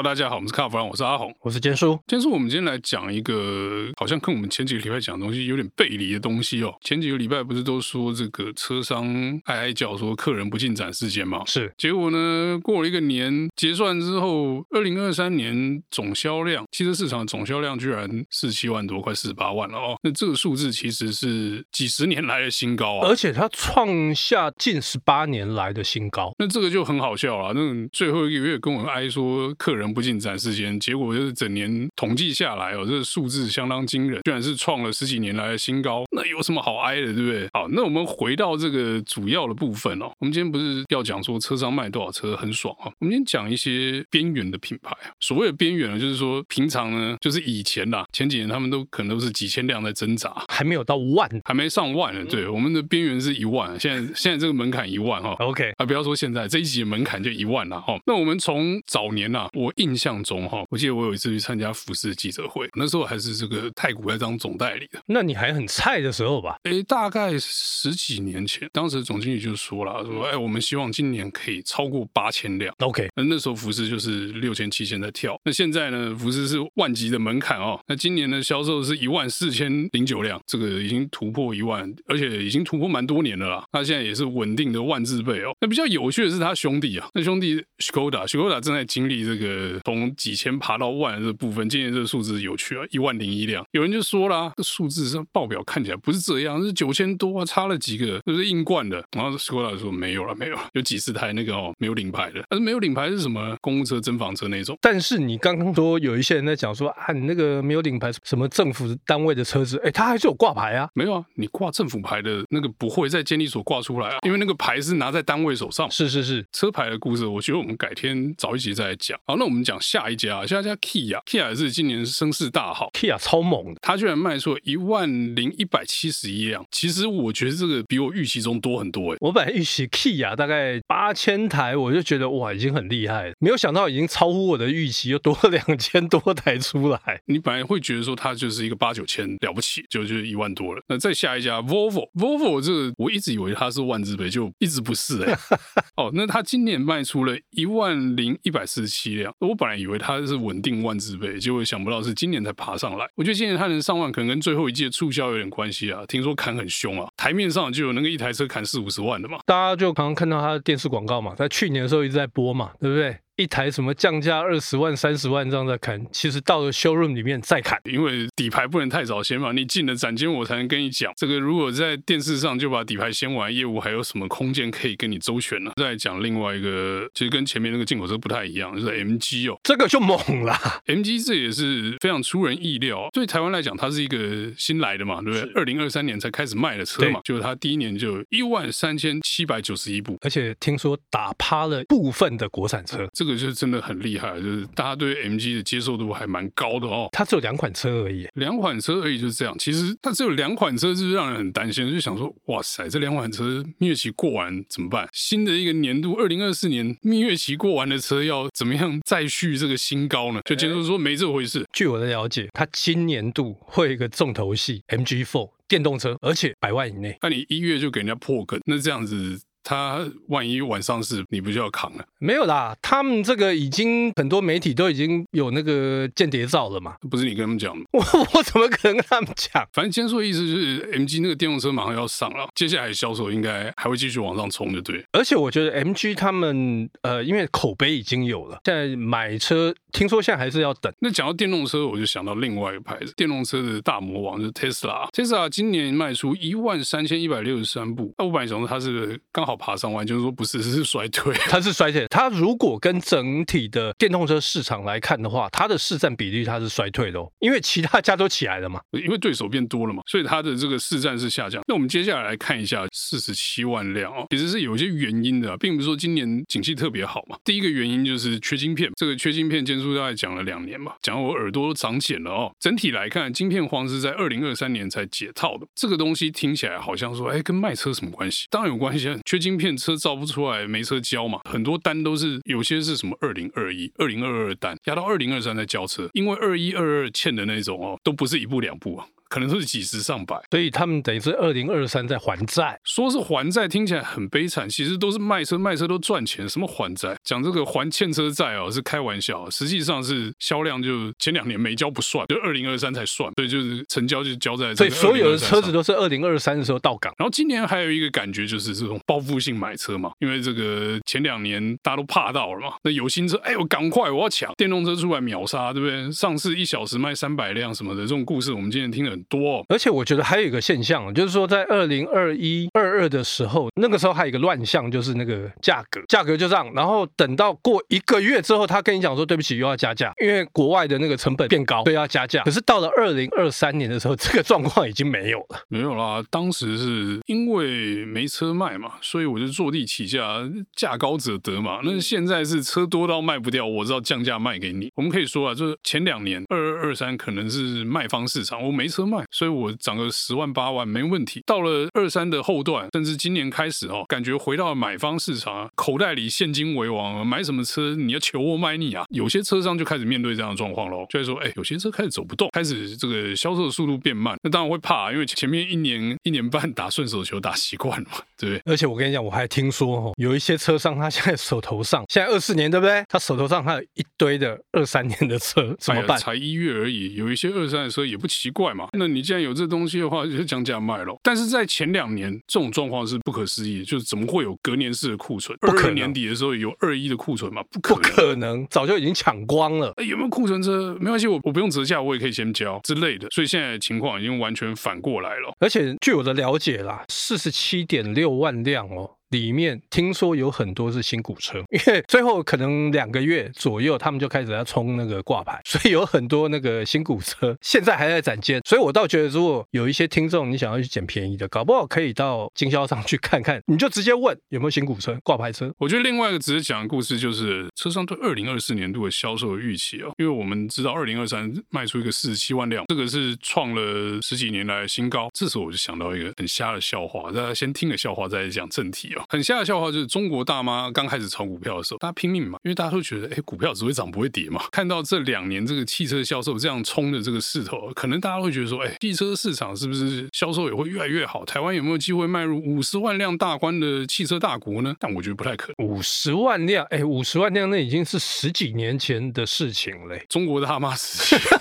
大家好，我們是卡弗蘭，我是阿紅，我是堅叔。堅叔，我們今天來講一個好像跟我們前幾個禮拜講的東西有點背離的東西哦。前幾個禮拜不是都說這個車商哀哀叫說客人不進展示間嗎？是。結果呢，過了一個年結算之後，二零二三年總銷量，汽車市場總銷量居然四十七萬多，快四十八萬了哦。那這個數字其實是幾十年來的新高啊，而且它創下近十八年來的新高。那這個就很好笑了，那最後一個月跟我們挨說客人。不進展，時間結果就是整年統計下來哦，這個數字相當驚人，居然是創了十幾年來的新高。那有什麼好挨的，對不對？好，那我們回到這個主要的部分哦。我們今天不是要講說車商賣多少車很爽啊、哦？我們今天講一些邊緣的品牌。所謂的邊緣呢，就是說平常呢，就是以前啦，前幾年他們都可能都是幾千輛在掙扎，還沒有到萬，還沒上萬呢。對，我們的邊緣是一萬，現在現在這個門檻一萬哈、哦。OK 啊，不要說現在這一集的門檻就一萬了哈、哦。那我們從早年啊，我。印象中哈，我記得我有一次去參加福斯記者會，那時候還是這個太古在當總代理的。那你還很菜的時候吧？誒、欸，大概十幾年前，當時總經理就說了，說哎、欸，我們希望今年可以超過八千輛。OK，那那時候福斯就是六千、七千在跳。那現在呢，福斯是萬級的門檻哦。那今年的銷售是一萬四千零九輛，這個已經突破一萬，而且已經突破蠻多年了啦。他現在也是穩定的萬字輩哦。那比較有趣的是他兄弟啊，那兄弟 Skoda，Skoda 正在經歷這個。呃，從幾千爬到萬的這部分，今年這個數字有趣啊，一萬零一輛。有人就說了，這個、數字上報表看起來不是這樣，是九千多啊，差了幾個，就是硬灌的。然後說了說沒有了，沒有，有幾十台那個哦，沒有領牌的，但是沒有領牌是什麼公務車、偵防車那種。但是你剛剛說有一些人在講說啊，你那個沒有領牌，什麼政府單位的車子，哎，他還是有掛牌啊？沒有啊，你掛政府牌的那個不會在監理所掛出來啊，因為那個牌是拿在單位手上。是是是，車牌的故事，我覺得我們改天早一起再講。好，那。我們講下一家，下一家 Kia，Kia 也是今年是聲勢大好，Kia 超猛的，它居然賣出了一萬零一百七十一輛。其實我覺得這個比我預期中多很多誒，我本來預期 Kia 大概八千台，我就覺得哇，已經很厲害了，沒有想到已經超乎我的預期，又多了兩千多台出來。你本來會覺得說它就是一個八九千了不起，就就是一萬多了。那再下一家 vo, Volvo，Volvo 這個我一直以為它是萬字輩，就一直不是哎。 哦，那它今年賣出了一萬零一百四十七輛。我本來以為它是穩定萬字輩，結果想不到是今年才爬上來。我覺得今年它能上萬，可能跟最後一季促銷有點關係啊。聽說砍很兇啊，檯面上就有那個一台車砍四五十萬的嘛。大家就剛剛看到它的電視廣告嘛，在去年的時候一直在播嘛，對不對？一台什麼降價二十萬三十萬這樣在砍，其實到了 showroom 裡面再砍，因為底牌不能太早掀嘛，你進了展間我才能跟你講。這個如果在電視上就把底牌掀完，業務，還有什麼空間可以跟你周旋呢、啊？再來講另外一個，其實跟前面那個進口車不太一樣，就是 MG 哦，這個就猛了。MG 這也是非常出人意料、哦，對台灣來講，它是一個新來的嘛，對不對？二零二三年才開始賣的車嘛，對就是它第一年就一萬三千七百九十一部，而且聽說打趴了部分的國產車，嗯、這個。這個就是真的很厲害，就是大家對 MG 的接受度還蠻高的哦。它只有兩款車而已，兩款車而已就是這樣。其實它只有兩款車，就是讓人很擔心，就想說，哇塞，這兩款車蜜月期過完怎麼辦？新的一個年度二零二四年蜜月期過完的車要怎麼樣再續這個新高呢？就接著說沒這回事、欸。據我的了解，它今年度會一個重頭戲 MG Four 電動車，而且百萬以內。那、啊、你一月就給人家破梗，那這樣子。他萬一晚上是，你不就要扛了、啊？沒有啦，他們這個已經很多媒體都已經有那個間諜照了嘛。不是你跟他們講？我我怎麼可能跟他們講？反正今天說的意思就是，MG 那個電動車馬上要上了，接下來銷售應該還會繼續往上衝，就對。而且我覺得 MG 他們呃，因為口碑已經有了，現在買車聽說現在還是要等。那講到電動車，我就想到另外一個牌子，電動車的大魔王就是 Tesla。Tesla 今年賣出一萬三千一百六十三部，那五百雄獅它是剛靠爬上彎就是說，不是，是衰退，它是衰退。它如果跟整體的電動車市場來看的話，它的市占比例它是衰退的、哦，因為其他家都起來了嘛，因為對手變多了嘛，所以它的這個市占是下降。那我們接下來來看一下四十七萬輛哦，其實是有一些原因的、啊，並不是說今年景氣特別好嘛。第一個原因就是缺晶片，這個缺晶片建數大概講了兩年吧，講到我耳朵都長繭了哦。整體來看，晶片荒是在二零二三年才解套的，這個東西聽起來好像說哎、欸、跟賣車什麼關係？當然有關係啊，缺。晶片車造不出來，沒車交嘛，很多單都是有些是什麼二零二一、二零二二單，壓到二零二三再交車，因為二一、二二欠的那種哦，都不是一步兩步啊。可能都是幾十上百，所以他們等於是二零二三在還債。說是還債，聽起來很悲慘，其實都是賣車賣車都賺錢，什麼還債？講這個還欠車債債哦，是開玩笑。實際上是銷量，就前兩年沒交不算，就二零二三才算。對，就是成交就交在這，所以所有的車子都是二零二三的時候到港。然後今年還有一個感覺就是這種報復性買車嘛，因為這個前兩年大家都怕到了嘛，那有新車，哎呦，趕快我要搶電動車出來秒殺，對不對？上市一小時賣三百輛什麼的這種故事，我們今天聽了。多，哦，而且我覺得還有一個現象，就是說在二零二一二二的時候，那個時候還有一個亂象，就是那個價格，價格就這樣。然後等到過一個月之後，他跟你講說，對不起，又要加價，因為國外的那個成本變高，對，要加價。可是到了二零二三年的時候，這個狀況已經沒有了，沒有啦。當時是因為沒車賣嘛，所以我就坐地起價，價高者得嘛。嗯，那現在是車多到賣不掉，我知道降價賣給你。我們可以說啊，就是前兩年二二二三可能是賣方市場，我沒車賣，所以，我漲個十萬八萬沒問題。到了二三的後段，甚至今年開始哦，感覺回到了買方市場，口袋裡現金為王，買什麼車你要求我賣你啊？有些車商就開始面對這樣的狀況嘍，就在說：“哎、欸，有些車開始走不動，開始這個銷售的速度變慢。”那當然會怕，因為前面一年一年半打順手球打習慣了嘛，對不對？而且我跟你講，我還聽說哦，有一些車商他現在手頭上現在二四年對不對？他手頭上還有一堆的二三年的車，怎麼辦、哎？才一月而已，有一些二三的車也不奇怪嘛。那你既然有這東西的話，就降價賣咯。但是在前兩年，這種狀況是不可思議的，就是怎麼會有隔年式的庫存？不可能二二年底的時候有二一的庫存嘛？不可，不可能，早就已經搶光了。有沒有庫存車？沒關係，我我不用折價，我也可以先交之類的。所以現在的情況已經完全反過來了。而且據我的了解啦，四十七點六萬輛哦。裡面聽說有很多是新古車，因為最後可能兩個月左右，他們就開始要衝那個掛牌，所以有很多那個新古車現在還在展間。所以我倒覺得，如果有一些聽眾你想要去撿便宜的，搞不好可以到經銷商去看看，你就直接問有沒有新古車掛牌車？我覺得另外一個值得講的故事就是，車商對二零二四年度的銷售預期哦，因為我們知道二零二三賣出一個四十七萬輛，這個是創了十幾年來的新高。這時候我就想到一個很瞎的笑話，大家先聽個笑話再講正題哦。很下的笑話就是，中國大媽剛開始炒股票的時候，大家拼命嘛，因為大家都覺得，哎，股票只會漲不會跌嘛。看到這兩年這個汽車銷售這樣衝的這個勢頭，可能大家會覺得說，哎，汽車市場是不是銷售也會越來越好？台灣有沒有機會邁入五十萬輛大關的汽車大國呢？但我覺得不太可能。五十萬輛，哎，五十萬輛那已經是十幾年前的事情了。中國大媽時期。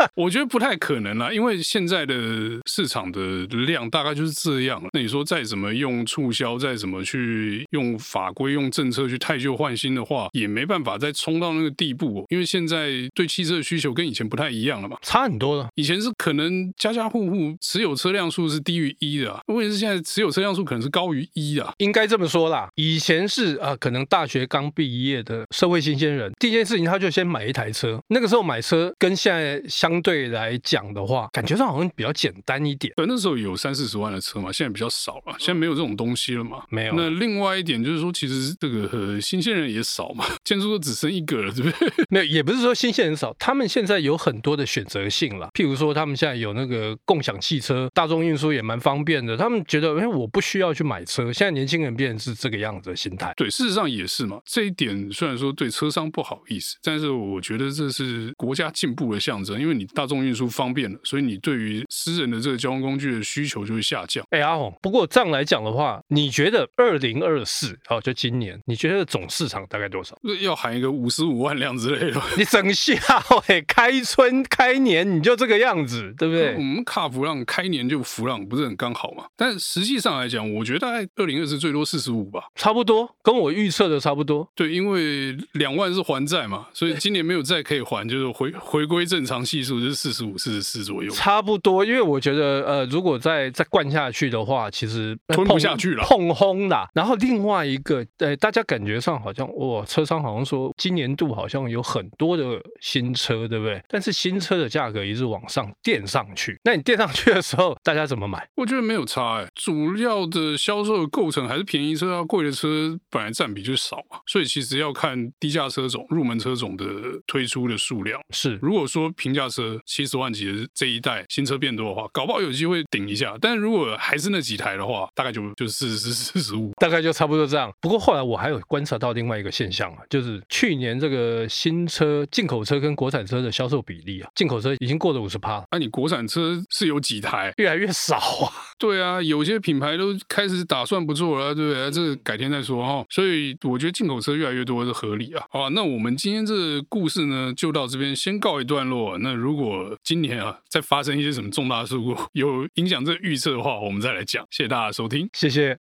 我覺得不太可能啦、啊，因為現在的市場的量大概就是這樣了。那你說再怎麼用促銷，再怎麼去用法規、用政策去汰舊換新的話，也沒辦法再衝到那個地步、哦。因為現在對汽車的需求跟以前不太一樣了嘛，差很多了。以前是可能家家戶戶持有車輛數是低於一的、啊，問題是現在持有車輛數可能是高於一啊。應該這麼說啦，以前是啊，可能大學剛畢業的社會新鮮人，第一件事情他就先買一台車。那個時候買車跟現在。相對來講的話，感覺上好像比較簡單一點。對，那時候有三四十萬的車嘛，現在比較少了，現在沒有這種東西了嘛。沒有。那另外一點就是說，其實這個、呃、新鮮人也少嘛，建築都只剩一個了，對不對？沒有，也不是說新鮮人少，他們現在有很多的選擇性了。譬如說，他們現在有那個共享汽車，大眾運輸也蠻方便的。他們覺得，哎，我不需要去買車。現在年輕人變成是這個樣子的心態。對，事實上也是嘛。這一點雖然說對車商不好意思，但是我覺得這是國家進步的象徵，因為。你大眾運輸方便了，所以你對於私人的這個交通工具的需求就會下降。哎、欸，阿紅，不過這樣來講的話，你覺得二零二四，好，就今年，你覺得總市場大概多少？要喊一個五十五萬輛之類的？你整下，哎，開春開年你就這個樣子，對不對？嗯，我們卡弗朗開年就弗朗不是很剛好嘛？但是實際上來講，我覺得大概二零二四最多四十五吧，差不多，跟我預測的差不多。對，因為兩萬是還債嘛，所以今年沒有債可以還，就是回回歸正常系。就是四十五、四十四左右，差不多。因為我覺得，呃，如果再再灌下去的話，其實碰吞不下去了，碰轟啦。然後另外一個，呃、欸，大家感覺上好像哇、哦，車商好像說，今年度好像有很多的新車，對不對？但是新車的價格一直往上墊上去。那你墊上去的時候，大家怎麼買？我覺得沒有差哎、欸，主要的銷售的構成還是便宜車啊，貴的車本來佔比就少嘛、啊，所以其實要看低價車種、入門車種的推出的數量。是，如果說平價。車七十萬級這一代新車變多的話，搞不好有機會頂一下。但如果還是那幾台的話，大概就就四十、四十五、啊，大概就差不多這樣。不過後來我還有觀察到另外一個現象啊，就是去年這個新車進口車跟國產車的銷售比例啊，進口車已經過了五十趴，那、啊、你國產車是有幾台，越來越少啊。對啊，有些品牌都開始打算不做了、啊，對不、啊、對？這改天再說哈、哦。所以我覺得進口車越來越多是合理啊。好啊，那我們今天這個故事呢，就到這邊先告一段落、啊。那如果今年啊再發生一些什麼重大的事故，有影響這個預測的話，我們再來講。謝謝大家收聽，謝謝。